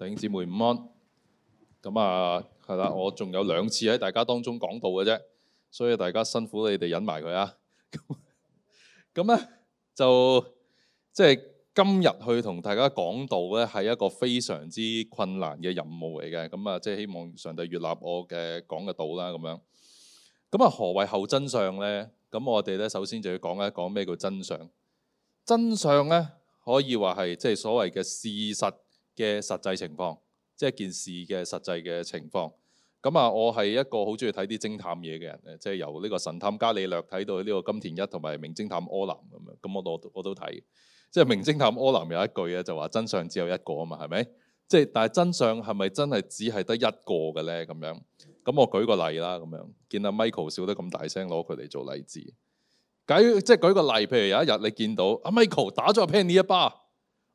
弟兄姊妹午安，咁啊，係啦，我仲有兩次喺大家當中講道嘅啫，所以大家辛苦你哋忍埋佢啊。咁 咧就即係、就是、今日去同大家講道咧，係一個非常之困難嘅任務嚟嘅。咁啊，即、就、係、是、希望上帝悅納我嘅講嘅道啦。咁樣，咁啊，何為後真相咧？咁我哋咧首先就要講一講咩叫真相。真相咧可以話係即係所謂嘅事實。嘅實際情況，即係件事嘅實際嘅情況。咁、嗯、啊，我係一個好中意睇啲偵探嘢嘅人，誒，即係由呢個神探伽利略睇到呢個金田一同埋名偵探柯南咁樣。咁我，我，我都我都睇，即係名偵探柯南有一句啊，就話真相只有一個啊嘛，係咪？即係但係真相係咪真係只係得一個嘅咧？咁樣咁我舉個例啦，咁樣見阿 Michael 笑得咁大聲，攞佢嚟做例子。假即係舉個例，譬如有一日你見到阿 Michael 打咗 Penny 一巴，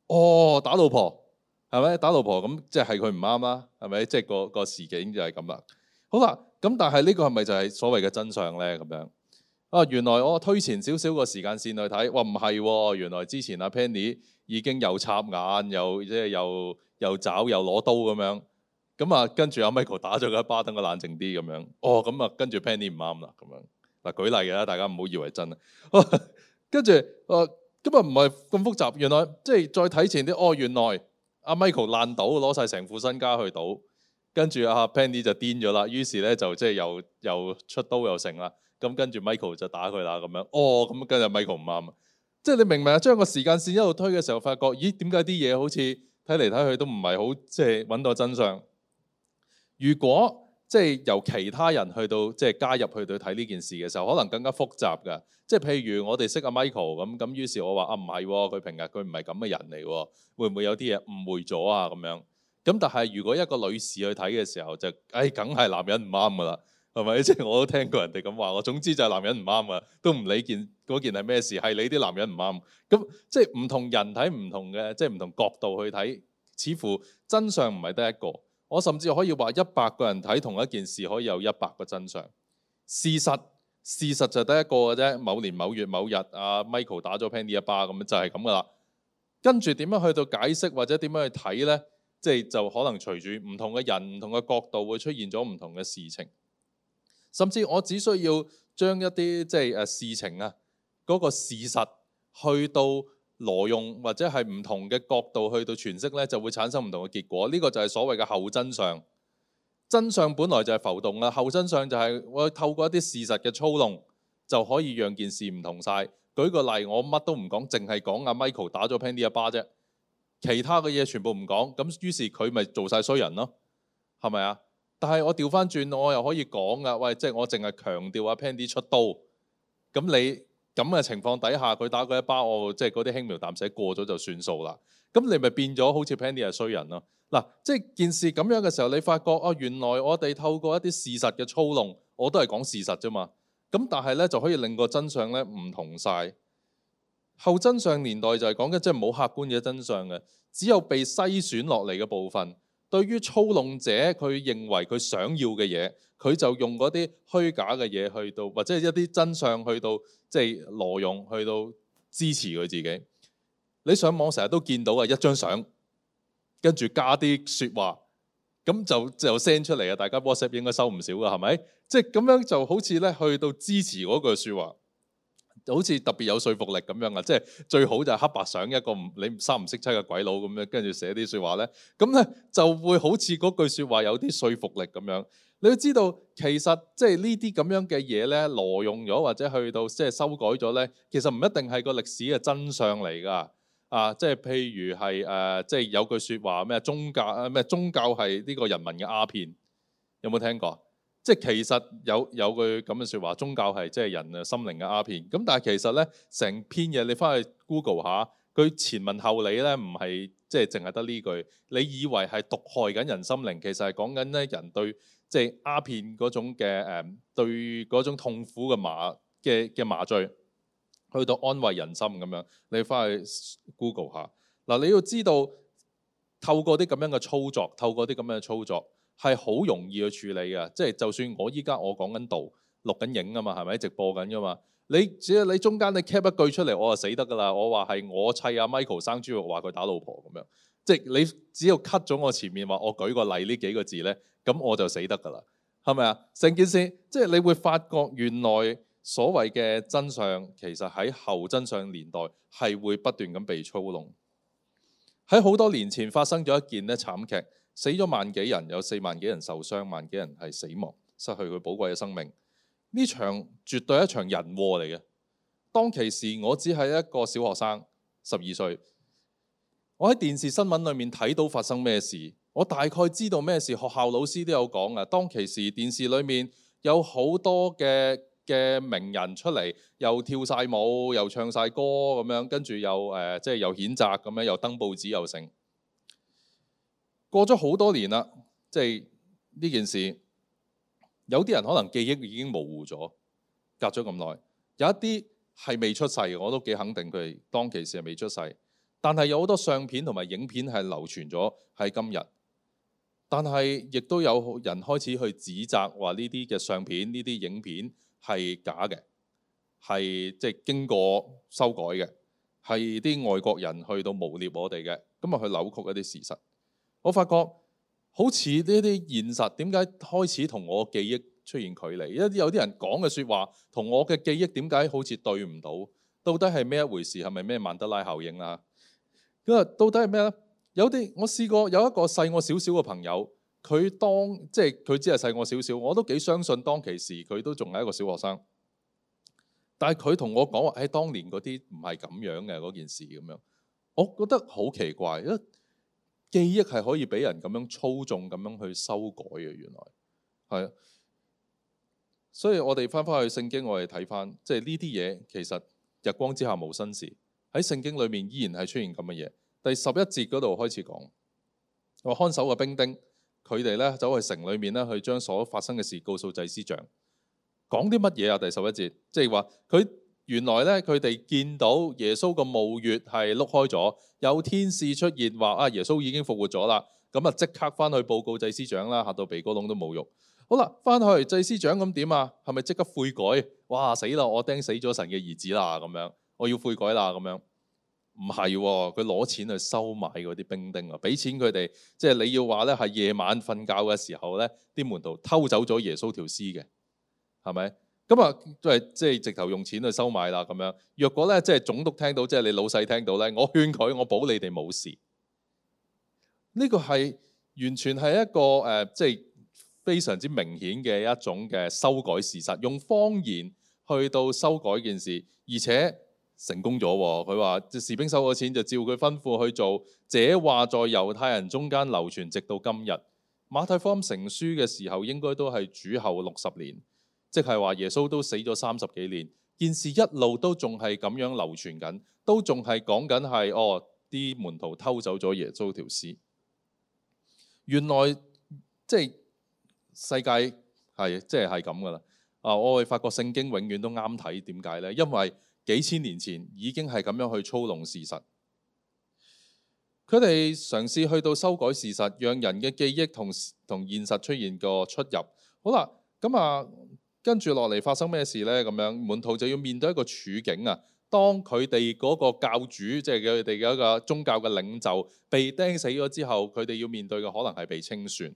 哦，打老婆。係咪打老婆咁？即係佢唔啱啦，係咪？即係個個事件就係咁啦。好啦，咁但係呢個係咪就係所謂嘅真相咧？咁樣啊，原來我推前少少個時間線去睇，哇唔係，原來之前阿 Penny 已經又插眼又即係又又抓又攞刀咁樣。咁啊，跟住阿 Michael 打咗佢一巴，等佢冷靜啲咁樣。哦，咁啊，啊，跟住 Penny 唔啱啦咁樣。嗱，舉例嘅啦，大家唔好以為真。跟住誒，今日唔係咁複雜，原來即係再睇前啲，哦，原來。阿 Michael 爛賭，攞晒成副身家去賭，跟住阿 Pandy 就癲咗啦，於是咧就即係又又出刀又成啦，咁跟住 Michael 就打佢啦，咁樣，哦，咁跟住 Michael 唔啱，即係你明唔明啊？將個時間線一路推嘅時候，發覺，咦，點解啲嘢好似睇嚟睇去都唔係好，即係揾到真相？如果即係由其他人去到即係加入去到睇呢件事嘅時候，可能更加複雜㗎。即係譬如我哋識阿 Michael 咁咁，於是我話啊唔係，佢平日佢唔係咁嘅人嚟。會唔會有啲嘢誤會咗啊？咁樣咁，但係如果一個女士去睇嘅時候，就誒梗係男人唔啱噶啦，係咪？即係我都聽過人哋咁話。我總之就係男人唔啱啊，都唔理件嗰件係咩事，係你啲男人唔啱。咁即係唔同人睇唔同嘅，即係唔同角度去睇，似乎真相唔係得一個。我甚至可以話，一百個人睇同一件事，可以有一百個真相。事實，事實就得一個嘅啫。某年某月某日，阿、啊、Michael 打咗 Penny 一巴，咁、就是、樣就係咁噶啦。跟住點樣去到解釋，或者點樣去睇呢？即係就可能隨住唔同嘅人、唔同嘅角度，會出現咗唔同嘅事情。甚至我只需要將一啲即係誒、啊、事情啊，嗰、那個事實去到。挪用或者係唔同嘅角度去到詮釋呢，就會產生唔同嘅結果。呢、呢個就係所謂嘅後真相。真相本來就係浮動啦，後真相就係、是、我透過一啲事實嘅操弄就可以讓件事唔同晒。舉個例，我乜都唔講，淨係講阿 Michael 打咗 Pandy 一巴啫，其他嘅嘢全部唔講。咁於是佢咪做晒衰人咯，係咪啊？但係我調翻轉，我又可以講㗎。喂，即、就、係、是、我淨係強調阿 Pandy 出刀，咁你？咁嘅情況底下，佢打過一巴我，即係嗰啲輕描淡寫過咗就算數啦。咁你咪變咗好似 Pandy 係衰人咯？嗱、啊，即係件事咁樣嘅時候，你發覺啊，原來我哋透過一啲事實嘅操弄，我都係講事實啫嘛。咁但係咧，就可以令個真相咧唔同晒。後真相年代就係講嘅，即係冇客觀嘅真相嘅，只有被篩選落嚟嘅部分。對於操弄者，佢認為佢想要嘅嘢，佢就用嗰啲虛假嘅嘢去到，或者係一啲真相去到，即係挪用去到支持佢自己。你上網成日都見到啊，一張相，跟住加啲説話，咁就就 send 出嚟啊！大家 WhatsApp 應該收唔少㗎，係咪？即係咁樣就好似咧，去到支持嗰句説話。好似特別有說服力咁樣啊！即係最好就係黑白相，一個唔你三唔識七嘅鬼佬咁樣，跟住寫啲説話咧，咁咧就會好似嗰句説話有啲說服力咁樣。你要知道，其實即係呢啲咁樣嘅嘢咧，挪用咗或者去到即係修改咗咧，其實唔一定係個歷史嘅真相嚟噶啊！即係譬如係誒、呃，即係有句説話咩？宗教啊咩？宗教係呢個人民嘅鴉片，有冇聽過？即係其實有有句咁嘅説話，宗教係即係人嘅心靈嘅鴉片。咁但係其實咧，成篇嘢你翻去 Google 下，佢前文後理咧唔係即係淨係得呢句。你以為係毒害緊人心靈，其實係講緊咧人對即係鴉片嗰種嘅誒，對嗰種痛苦嘅麻嘅嘅麻醉，去到安慰人心咁樣。你翻去 Google 下嗱，你要知道透過啲咁樣嘅操作，透過啲咁嘅操作。係好容易去處理嘅，即係就算我依家我講緊道，錄緊影噶嘛，係咪直播緊噶嘛？你只要你中間你 cut 一句出嚟，我就死得噶啦！我話係我砌阿 Michael 生豬肉，話佢打老婆咁樣，即係你只要 cut 咗我前面話我舉個例呢幾個字咧，咁我就死得噶啦，係咪啊？成件事即係你會發覺原來所謂嘅真相，其實喺後真相年代係會不斷咁被操弄。喺好多年前發生咗一件咧慘劇。死咗萬幾人，有四萬幾人受傷，萬幾人係死亡，失去佢寶貴嘅生命。呢場絕對係一場人禍嚟嘅。當其時，我只係一個小學生，十二歲。我喺電視新聞裏面睇到發生咩事，我大概知道咩事。學校老師都有講啊。當其時，電視裏面有好多嘅嘅名人出嚟，又跳晒舞，又唱晒歌咁樣，跟住又誒，即係又譴責咁樣，又登報紙又成。過咗好多年啦，即係呢件事有啲人可能記憶已經模糊咗，隔咗咁耐，有一啲係未出世，我都幾肯定佢哋當其時係未出世。但係有好多相片同埋影片係流傳咗喺今日，但係亦都有人開始去指責話呢啲嘅相片、呢啲影片係假嘅，係即係經過修改嘅，係啲外國人去到污蔑我哋嘅，咁啊去扭曲一啲事實。我發覺好似呢啲現實點解開始同我記憶出現距離？因為有啲人講嘅説話同我嘅記憶點解好似對唔到？到底係咩一回事？係咪咩曼德拉效應啊？因為到底係咩咧？有啲我試過，有一個細我少少嘅朋友，佢當即係佢只係細我少少，我都幾相信當其時佢都仲係一個小學生。但係佢同我講話，喺當年嗰啲唔係咁樣嘅，嗰件事咁樣，我覺得好奇怪，記憶係可以俾人咁樣操縱、咁樣去修改嘅，原來係啊。所以我哋翻返去聖經，我哋睇翻，即係呢啲嘢其實日光之下無新事，喺聖經裏面依然係出現咁嘅嘢。第十一節嗰度開始講，話看守嘅兵丁佢哋咧走去城裏面咧去將所發生嘅事告訴祭司長，講啲乜嘢啊？第十一節即係話佢。原來咧，佢哋見到耶穌嘅墓穴係碌開咗，有天使出現話：啊，耶穌已經復活咗啦！咁啊，即刻翻去報告祭司長啦，吓到鼻哥窿都冇肉。好啦，翻去祭司長咁點啊？係咪即刻悔改？哇，死啦！我釘死咗神嘅兒子啦！咁樣，我要悔改啦！咁樣，唔係，佢攞錢去收買嗰啲兵丁啊，俾錢佢哋。即係你要話咧，係夜晚瞓覺嘅時候咧，啲門徒偷走咗耶穌條屍嘅，係咪？咁啊，都係即係直頭用錢去收買啦。咁樣，若果咧，即係總督聽到，即係你老細聽到咧，我勸佢，我保你哋冇事。呢、這個係完全係一個誒、呃、即係非常之明顯嘅一種嘅修改事實，用謊言，去到修改件事，而且成功咗。佢話，即士兵收咗錢就照佢吩咐去做，這話在猶太人中間流傳直到今日。馬太福音成書嘅時候，應該都係主後六十年。即係話，耶穌都死咗三十幾年，件事一路都仲係咁樣流傳緊，都仲係講緊係哦啲門徒偷走咗耶穌條屍。原來即係世界係即係係咁噶啦。啊、就是呃，我會發覺聖經永遠都啱睇，點解呢？因為幾千年前已經係咁樣去操弄事實，佢哋嘗試去到修改事實，讓人嘅記憶同同現實出現個出入。好啦，咁啊～跟住落嚟發生咩事呢？咁樣門徒就要面對一個處境啊。當佢哋嗰個教主，即係佢哋嘅一個宗教嘅領袖，被釘死咗之後，佢哋要面對嘅可能係被清算。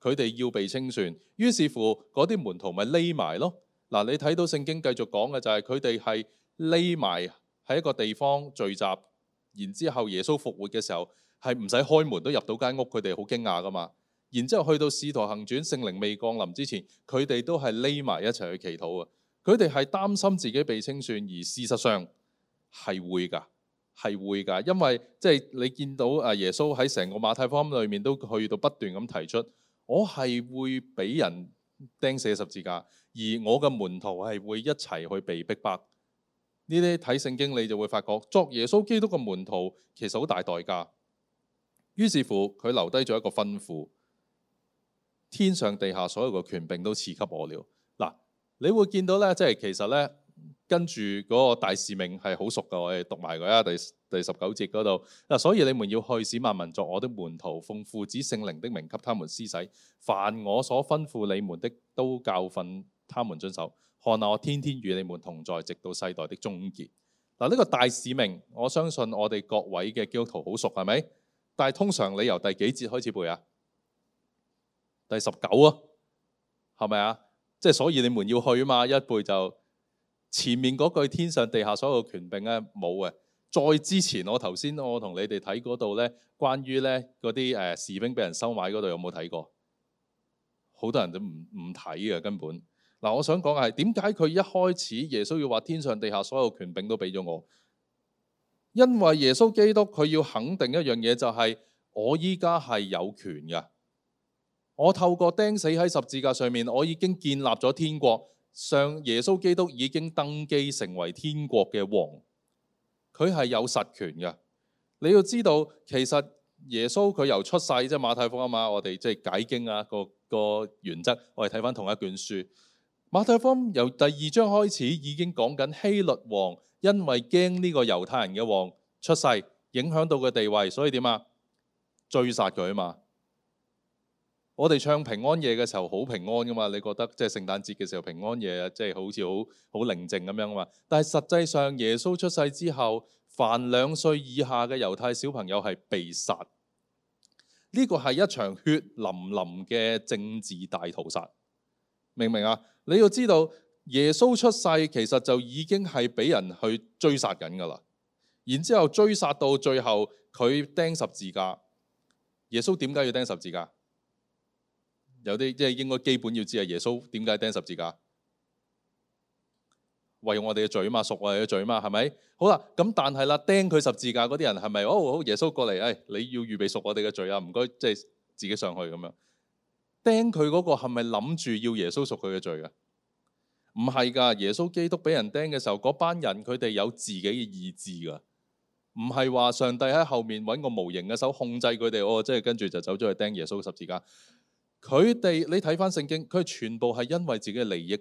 佢哋要被清算，於是乎嗰啲門徒咪匿埋咯。嗱、啊，你睇到聖經繼續講嘅就係佢哋係匿埋喺一個地方聚集，然之後耶穌復活嘅時候，係唔使開門都入到間屋，佢哋好驚訝噶嘛。然之後去到使徒行傳聖靈未降臨之前，佢哋都係匿埋一齊去祈禱啊！佢哋係擔心自己被清算而，而事實上係會㗎，係會㗎，因為即係你見到啊耶穌喺成個馬太福音裏面都去到不斷咁提出，我係會俾人釘死十字架，而我嘅門徒係會一齊去被逼迫白。呢啲睇聖經你就會發覺，作耶穌基督嘅門徒其實好大代價。於是乎佢留低咗一個吩咐。天上地下所有嘅權柄都賜給我了。嗱，你會見到咧，即係其實咧，跟住嗰個大使命係好熟嘅，我哋讀埋佢啊。第第十九節嗰度嗱，所以你們要去使萬民作我的門徒，奉父子聖靈的名給他們施洗，凡我所吩咐你們的都教訓他們遵守。看啊，我天天與你們同在，直到世代的終結。嗱，呢個大使命，我相信我哋各位嘅基督徒好熟，係咪？但係通常你由第幾節開始背啊？第十九啊，係咪啊？即、就、係、是、所以你們要去啊嘛，一背就前面嗰句天上地下所有權柄咧、啊、冇啊。再之前我頭先我同你哋睇嗰度咧，關於咧嗰啲誒士兵俾人收買嗰度有冇睇過？好多人都唔唔睇啊根本。嗱、啊，我想講係點解佢一開始耶穌要話天上地下所有權柄都俾咗我，因為耶穌基督佢要肯定一樣嘢、就是，就係我依家係有權嘅。我透過釘死喺十字架上面，我已經建立咗天國。上耶穌基督已經登基成為天國嘅王，佢係有實權嘅。你要知道，其實耶穌佢由出世即係馬太福音啊嘛，我哋即係解經啊個個原則，我哋睇翻同一卷書。馬太福音由第二章開始已經講緊希律王，因為驚呢個猶太人嘅王出世影響到嘅地位，所以點啊追殺佢啊嘛。我哋唱平安夜嘅時候好平安噶嘛？你覺得即係聖誕節嘅時候平安夜，即係好似好好寧靜咁樣啊嘛？但係實際上耶穌出世之後，凡兩歲以下嘅猶太小朋友係被殺，呢個係一場血淋淋嘅政治大屠殺。明唔明啊？你要知道耶穌出世其實就已經係俾人去追殺緊噶啦，然之後追殺到最後佢釘十字架。耶穌點解要釘十字架？有啲即係應該基本要知係耶穌點解釘十字架，為我哋嘅罪嘛，贖我哋嘅罪嘛，係咪？好啦，咁但係啦，釘佢十字架嗰啲人係咪？哦，好，耶穌過嚟，誒，你要預備贖我哋嘅罪啊，唔該，即係自己上去咁樣釘佢嗰個係咪諗住要耶穌贖佢嘅罪㗎？唔係㗎，耶穌基督俾人釘嘅時候，嗰班人佢哋有自己嘅意志㗎，唔係話上帝喺後面揾個無形嘅手控制佢哋哦，即係跟住就走咗去釘耶穌十字架。佢哋你睇返聖經，佢全部係因為自己嘅利益，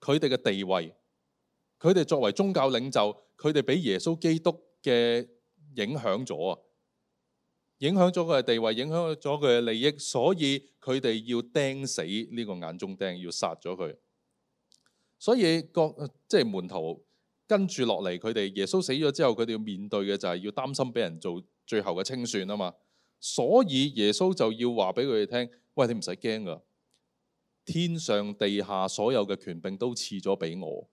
佢哋嘅地位，佢哋作為宗教領袖，佢哋俾耶穌基督嘅影響咗啊，影響咗佢嘅地位，影響咗佢嘅利益，所以佢哋要釘死呢個眼中釘，要殺咗佢。所以各即係門徒跟住落嚟，佢哋耶穌死咗之後，佢哋要面對嘅就係要擔心俾人做最後嘅清算啊嘛。所以耶穌就要話俾佢哋聽：喂，你唔使驚㗎，天上地下所有嘅權柄都賜咗俾我。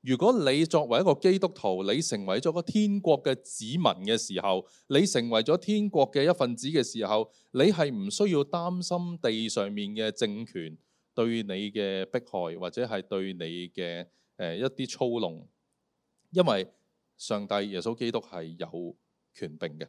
如果你作為一個基督徒，你成為咗個天國嘅子民嘅時候，你成為咗天國嘅一份子嘅時候，你係唔需要擔心地上面嘅政權對你嘅迫害，或者係對你嘅誒一啲操弄，因為上帝耶穌基督係有權柄嘅。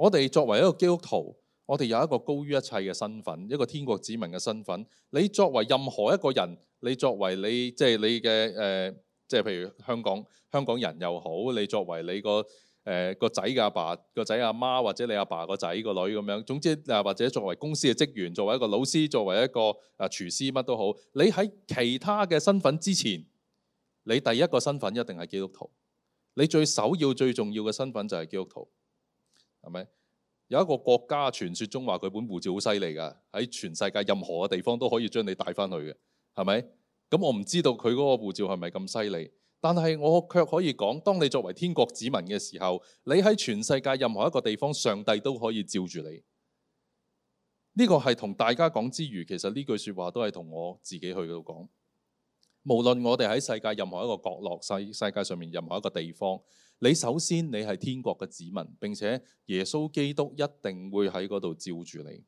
我哋作為一個基督徒，我哋有一個高於一切嘅身份，一個天國子民嘅身份。你作為任何一個人，你作為你即係、即係、你嘅誒，即、呃、係、即係、譬如香港香港人又好，你作為你、呃、個誒個仔嘅阿爸、個仔阿媽，或者你阿爸個仔個女咁樣，總之啊，或者作為公司嘅職員，作為一個老師，作為一個啊廚師乜都好，你喺其他嘅身份之前，你第一個身份一定係基督徒。你最首要、最重要嘅身份就係基督徒。係咪？有一個國家傳説中話佢本護照好犀利㗎，喺全世界任何嘅地方都可以將你帶翻去嘅，係咪？咁我唔知道佢嗰個護照係咪咁犀利，但係我卻可以講，當你作為天國子民嘅時候，你喺全世界任何一個地方，上帝都可以照住你。呢、這個係同大家講之餘，其實呢句説話都係同我自己去度講。無論我哋喺世界任何一個角落、世世界上面任何一個地方，你首先你係天國嘅子民，並且耶穌基督一定會喺嗰度照住你，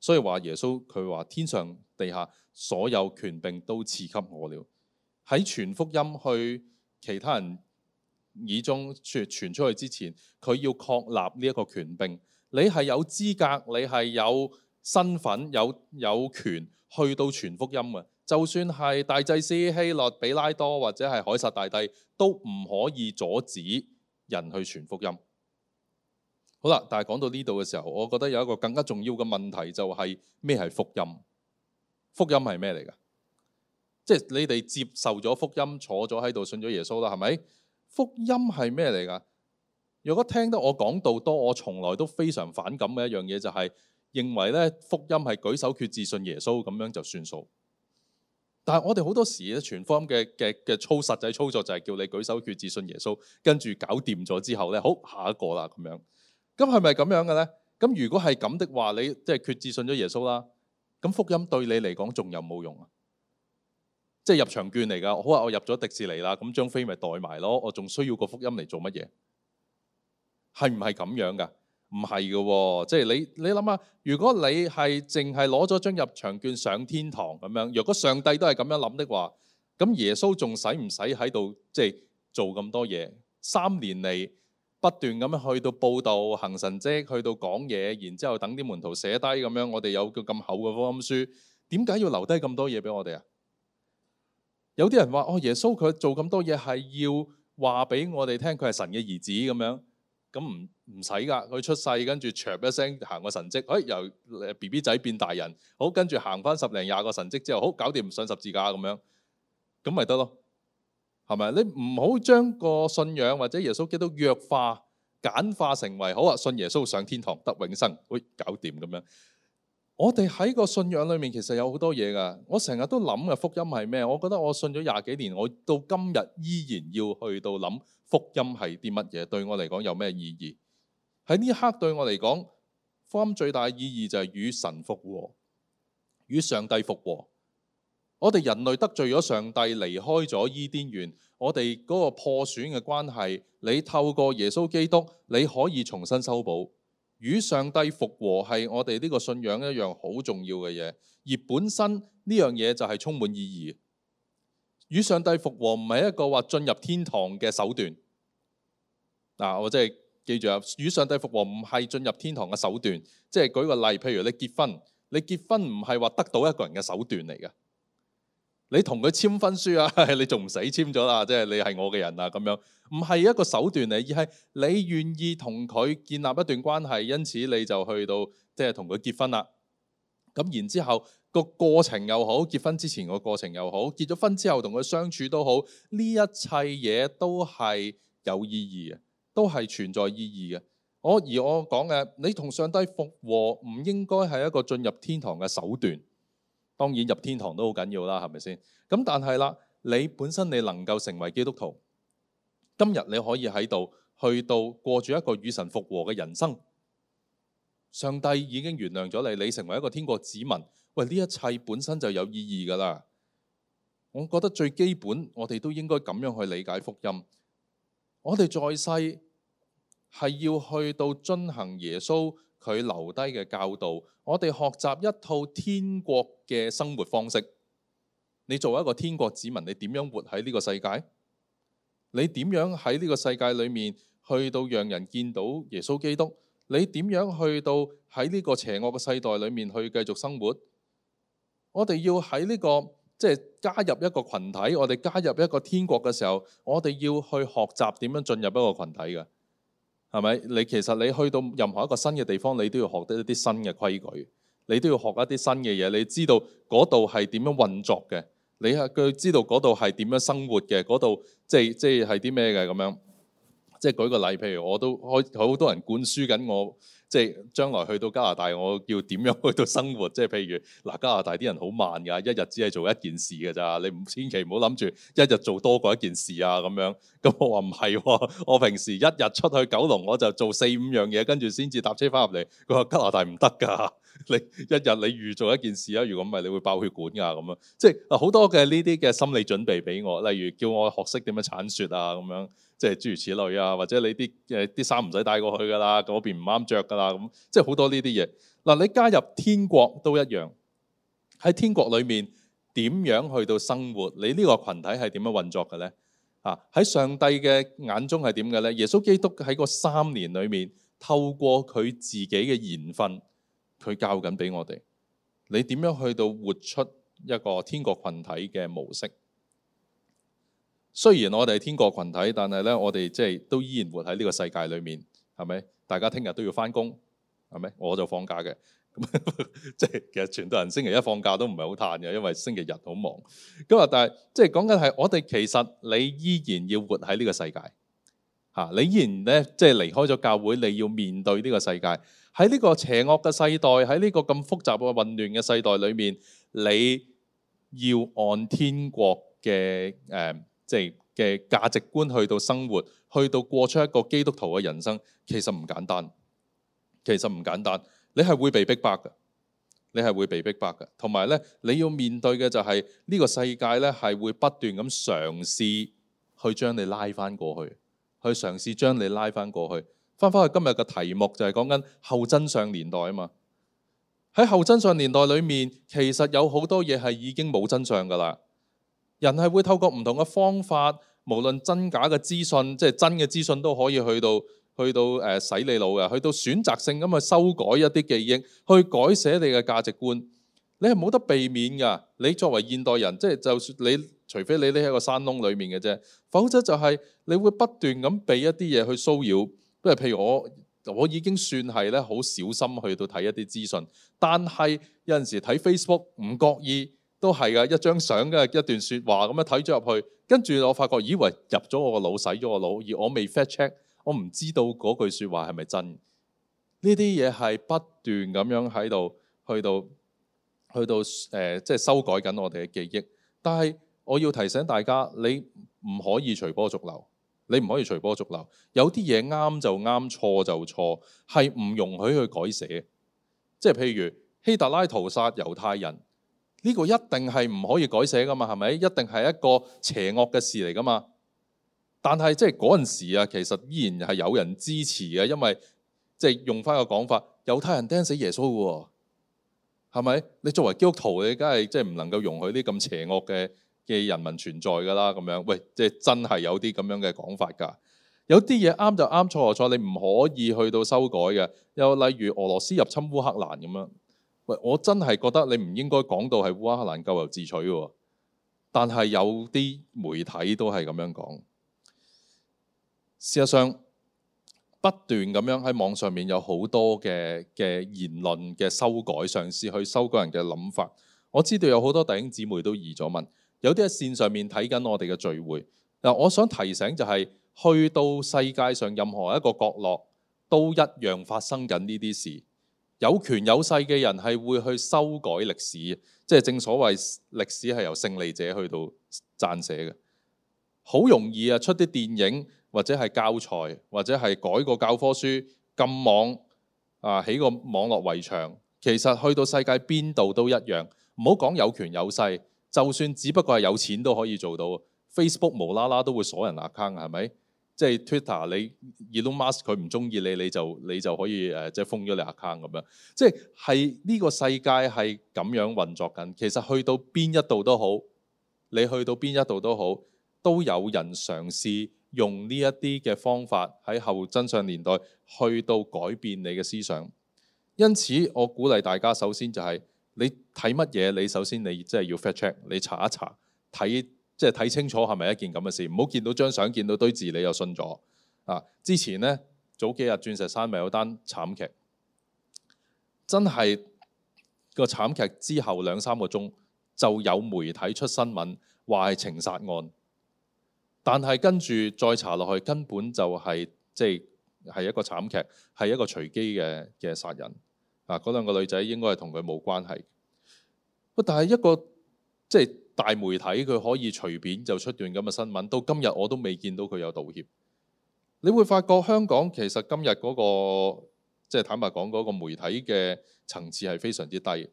所以話耶穌佢話，天上地下所有權柄都賜給我了。喺全福音去其他人耳中傳傳出去之前，佢要確立呢一個權柄。你係有資格，你係有身份，有有權去到全福音嘅。就算係大祭司希律、彼拉多或者係凱撒大帝，都唔可以阻止人去傳福音。好啦，但係講到呢度嘅時候，我覺得有一個更加重要嘅問題，就是，就係咩係福音？福音係咩嚟㗎？即係你哋接受咗福音，坐咗喺度信咗耶穌啦，係咪？福音係咩嚟㗎？如果聽得我講道多，我從來都非常反感嘅一樣嘢，就是，就係認為咧福音係舉手決志信耶穌咁樣就算數。但係我哋好多時咧，傳福音嘅嘅嘅操實際操作就係叫你舉手決志信耶穌，跟住搞掂咗之後咧，好，下一個啦咁樣。咁係咪咁樣嘅咧？咁如果係咁的話，你即係決志信咗耶穌啦，咁福音對你嚟講仲有冇用啊？即係入場券嚟㗎，好啊，我入咗迪士尼啦，咁張飛咪代埋咯，我仲需要個福音嚟做乜嘢？係唔係咁樣㗎？唔係嘅喎，即係、哦就是、你你諗下，如果你係淨係攞咗張入場券上天堂咁樣，若果上帝都係咁樣諗的話，咁耶穌仲使唔使喺度即係做咁多嘢？三年嚟不斷咁樣去到報道行神跡，去到講嘢，然之後等啲門徒寫低咁樣，我哋有個咁厚嘅福音書，點解要留低咁多嘢俾我哋啊？有啲人話：哦，耶穌佢做咁多嘢係要話俾我哋聽，佢係神嘅兒子咁樣。咁唔唔使噶，佢出世跟住噱一聲行個神迹，哎由 B B 仔變大人，好跟住行翻十零廿個神迹之後，好搞掂上十字架咁樣，咁咪得咯，係咪？你唔好將個信仰或者耶穌基督弱化、簡化成為好啊，信耶穌上天堂得永生，哎搞掂咁樣。.我哋喺個信仰裏面其實有好多嘢噶。我成日都諗嘅福音係咩？我覺得我信咗廿幾年，我到今日依然要去到諗福音係啲乜嘢，對我嚟講有咩意義？喺呢刻對我嚟講，福音最大嘅意義就係與神復和、與上帝復和。我哋人類得罪咗上帝，離開咗伊甸園，我哋嗰個破損嘅關係，你透過耶穌基督，你可以重新修補。與上帝復和係我哋呢個信仰一樣好重要嘅嘢，而本身呢樣嘢就係充滿意義。與上帝復和唔係一個話進入天堂嘅手段。嗱，啊，我即係記住啊，與上帝復和唔係進入天堂嘅手段。即係舉個例，譬如你結婚，你結婚唔係話得到一個人嘅手段嚟嘅。你同佢簽婚書啊！ 你仲唔使簽咗啦？即、就、係、是、你係我嘅人啊！咁樣唔係一個手段嚟，而係你願意同佢建立一段關係，因此你就去到即係同佢結婚啦。咁然之後、個過程又好，結婚之前個過程又好，結咗婚之後同佢相處都好，呢一切嘢都係有意義嘅，都係存在意義嘅。我而我講嘅，你同上帝復和唔應該係一個進入天堂嘅手段。當然入天堂都好緊要啦，係咪先？咁但係啦，你本身你能夠成為基督徒，今日你可以喺度去到過住一個與神復和嘅人生，上帝已經原諒咗你，你成為一個天國子民，喂，呢一切本身就有意義噶啦。我覺得最基本，我哋都應該咁樣去理解福音。我哋在世係要去到遵行耶穌佢留低嘅教導，我哋學習一套天國嘅生活方式。你作為一個天國子民，你點樣活喺呢個世界？你點樣喺呢個世界裏面去到讓人見到耶穌基督？你點樣去到喺呢個邪惡嘅世代裏面去繼續生活？我哋要喺呢、這個即係、就是、加入一個群體，我哋加入一個天國嘅時候，我哋要去學習點樣進入一個群體嘅。係咪？你其實你去到任何一個新嘅地方，你都要學得一啲新嘅規矩，你都要學一啲新嘅嘢。你知道嗰度係點樣運作嘅？你係佢知道嗰度係點樣生活嘅？嗰度即係即係係啲咩嘅咁樣？即係舉個例，譬如我都開好多人灌輸緊我。即係將來去到加拿大，我要點樣去到生活？即係譬如嗱，加拿大啲人好慢㗎，一日只係做一件事㗎咋。你千祈唔好諗住一日做多過一件事啊咁樣。咁我話唔係喎，我平時一日出去九龍，我就做四五樣嘢，跟住先至搭車翻入嚟。佢話加拿大唔得㗎，你一日你預做一件事啊，如果唔係你會爆血管㗎啊咁樣。即係好多嘅呢啲嘅心理準備俾我，例如叫我學識點樣鏟雪啊咁樣。即係諸如此類啊，或者你啲誒啲衫唔使帶過去噶啦，嗰邊唔啱着噶啦，咁即係好多呢啲嘢。嗱，你加入天國都一樣，喺天國裏面點樣去到生活？你呢個群體係點樣運作嘅咧？啊，喺上帝嘅眼中係點嘅咧？耶穌基督喺個三年裏面，透過佢自己嘅言分，佢教緊俾我哋。你點樣去到活出一個天國群體嘅模式？雖然我哋係天國群體，但係咧，我哋即係都依然活喺呢個世界裏面，係咪？大家聽日都要翻工，係咪？我就放假嘅，即 係其實全隊人星期一放假都唔係好嘆嘅，因為星期日好忙咁啊。但係即係講緊係，我哋其實你依然要活喺呢個世界吓，啊，你依然咧即係離開咗教會，你要面對呢個世界喺呢個邪惡嘅世代，喺呢個咁複雜嘅混亂嘅世代裏面，你要按天國嘅誒，嗯即嘅價值觀去到生活，去到過出一個基督徒嘅人生，其實唔簡單，其實唔簡單。你係會被逼迫嘅，你係會被逼迫嘅。同埋咧，你要面對嘅就係呢個世界咧，係會不斷咁嘗試去將你拉翻過去，去嘗試將你拉翻過去。翻返去今日嘅題目就係講緊後真相年代啊嘛。喺後真相年代裏面，其實有好多嘢係已經冇真相噶啦。人係會透過唔同嘅方法，無論真假嘅資訊，即係真嘅資訊都可以去到去到誒洗你腦嘅，去到選擇性咁去修改一啲記憶，去改寫你嘅價值觀。你係冇得避免噶。你作為現代人，即係就算你，除非你匿喺個山窿裏面嘅啫，否則就係你會不斷咁被一啲嘢去騷擾。即係譬如我，我已經算係咧好小心去到睇一啲資訊，但係有陣時睇 Facebook 唔覺意。都係嘅，一張相嘅一段説話咁樣睇咗入去，跟住我發覺，以為入咗我個腦，洗咗我腦，而我未 fact check，我唔知道嗰句説話係咪真。呢啲嘢係不斷咁樣喺度，去到去到誒、呃，即係修改緊我哋嘅記憶。但係我要提醒大家，你唔可以隨波逐流，你唔可以隨波逐流。有啲嘢啱就啱，錯就錯，係唔容許去改寫。即係譬如希特拉屠殺猶太人。呢個一定係唔可以改寫㗎嘛，係咪？一定係一個邪惡嘅事嚟㗎嘛。但係即係嗰陣時啊，其實依然係有人支持嘅，因為即係用返個講法，猶太人釘死耶穌嘅喎，係咪？你作為基督徒，你梗係即係唔能夠容許啲咁邪惡嘅嘅人民存在㗎啦，咁樣。喂，即係真係有啲咁樣嘅講法㗎。有啲嘢啱就啱，錯就錯，你唔可以去到修改嘅。又例如俄羅斯入侵烏克蘭咁樣。唔，我真係覺得你唔應該講到係烏克蘭咎由自取喎。但係有啲媒體都係咁樣講。事實上不斷咁樣喺網上面有好多嘅嘅言論嘅修改，嘗試去修改人嘅諗法。我知道有好多弟兄姊妹都移咗民，有啲喺線上面睇緊我哋嘅聚會嗱。我想提醒就係去到世界上任何一個角落，都一樣發生緊呢啲事。有權有勢嘅人係會去修改歷史，即係正所謂歷史係由勝利者去到撰寫嘅。好容易啊，出啲電影或者係教材，或者係改個教科書，禁網啊，起個網絡圍牆。其實去到世界邊度都一樣，唔好講有權有勢，就算只不過係有錢都可以做到。Facebook 無啦啦都會鎖人 account，係咪？即係 Twitter，你 Elon Musk 佢唔中意你，你就你就可以誒、呃、即係封咗你 account 咁樣，即係係呢個世界係咁樣運作緊，其實去到邊一度都好，你去到邊一度都好，都有人嘗試用呢一啲嘅方法喺後真相年代去到改變你嘅思想。因此，我鼓勵大家首先就係、是、你睇乜嘢，你首先你即係、就是、要 fact check，你查一查睇。即係睇清楚係咪一件咁嘅事，唔好見到張相見到堆字你又信咗啊！之前呢，早幾日鑽石山咪有單慘劇，真係、個慘劇之後兩三個鐘就有媒體出新聞話係情殺案，但係跟住再查落去根本就係即係係一個慘劇，係一個隨機嘅嘅殺人啊！嗰兩個女仔應該係同佢冇關係，但係一個即係。大媒體佢可以隨便就出段咁嘅新聞，到今日我都未見到佢有道歉。你會發覺香港其實今日嗰個即係坦白講嗰個媒體嘅層次係非常之低。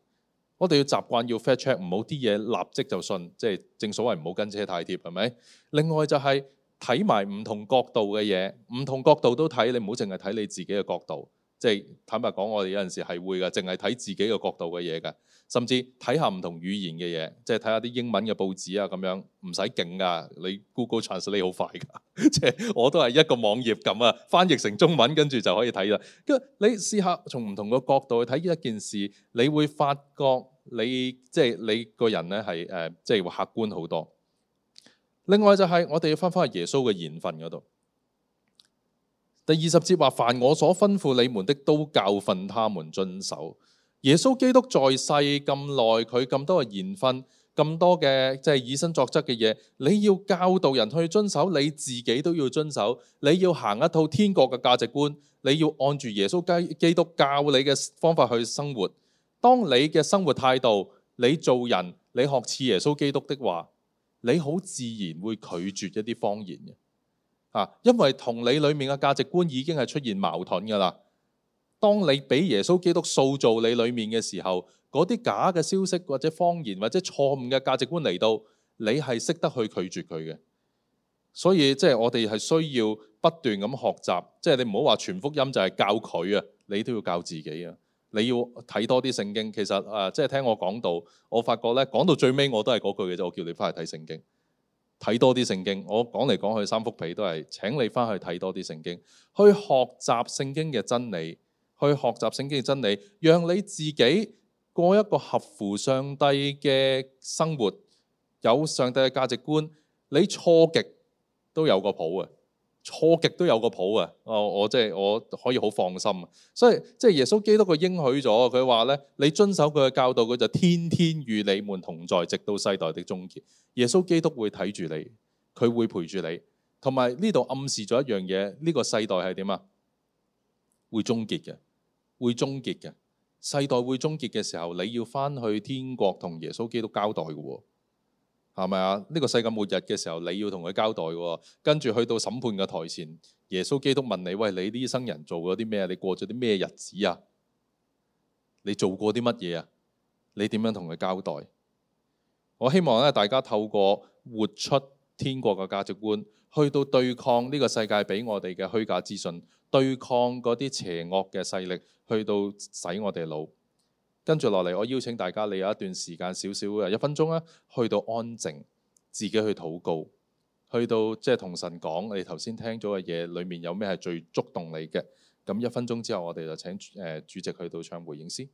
我哋要習慣要 fact check，唔好啲嘢立即就信，即係正所謂唔好跟車太貼係咪？另外就係睇埋唔同角度嘅嘢，唔同角度都睇，你唔好淨係睇你自己嘅角度。即係坦白講，我哋有陣時係會嘅，淨係睇自己嘅角度嘅嘢嘅，甚至睇下唔同語言嘅嘢，即係睇下啲英文嘅報紙啊咁樣，唔使勁噶，你 Google Translate 好快噶， 即係我都係一個網頁咁啊，翻譯成中文，跟住就可以睇啦。咁你試下從唔同個角度去睇呢一件事，你會發覺你即係、就是、你個人咧係誒，即、呃、係、會、客觀好多。另外就係、是、我哋要翻返去耶穌嘅言份嗰度。第二十節話：凡我所吩咐你們的，都教訓他們遵守。耶穌基督在世咁耐，佢咁多嘅言訓，咁多嘅即係以身作則嘅嘢。你要教導人去遵守，你自己都要遵守。你要行一套天國嘅價值觀，你要按住耶穌基督教你嘅方法去生活。當你嘅生活態度，你做人，你學似耶穌基督的話，你好自然會拒絕一啲謊言嘅。因為同你裡面嘅價值觀已經係出現矛盾噶啦。當你俾耶穌基督塑造你裡面嘅時候，嗰啲假嘅消息或者謊言或者錯誤嘅價值觀嚟到，你係識得去拒絕佢嘅。所以即係我哋係需要不斷咁學習，即係你唔好話傳福音就係教佢啊，你都要教自己啊。你要睇多啲聖經。其實啊，即係聽我講到，我發覺咧，講到最尾我都係嗰句嘅啫，我叫你翻去睇聖經。睇多啲聖經，我講嚟講去三幅被都係請你返去睇多啲聖經，去學習聖經嘅真理，去學習聖經嘅真理，讓你自己過一個合乎上帝嘅生活，有上帝嘅價值觀，你錯極都有個譜啊！初極都有個譜啊！我我即係我可以好放心，所以即係耶穌基督佢應許咗，佢話呢，你遵守佢嘅教導，佢就天天與你們同在，直到世代的終結。耶穌基督會睇住你，佢會陪住你。同埋呢度暗示咗一樣嘢，呢個世代係點啊？會終結嘅，會終結嘅。世代會終結嘅時候，你要翻去天國同耶穌基督交代嘅喎。係咪啊？呢個世界末日嘅時候，你要同佢交代嘅，哦。跟住去到審判嘅台前，耶穌基督問你：喂，你呢生人做咗啲咩？你過咗啲咩日子啊？你做過啲乜嘢啊？你點樣同佢交代？我希望咧，大家透過活出天國嘅價值觀，去到對抗呢個世界俾我哋嘅虛假資訊，對抗嗰啲邪惡嘅勢力，去到洗我哋腦。跟住落嚟，我邀請大家，你有一段時間少少嘅一分鐘啦，去到安靜，自己去禱告，去到即係同神講，你頭先聽咗嘅嘢，裡面有咩係最觸動你嘅？咁一分鐘之後，我哋就請誒主席去到唱回應詩。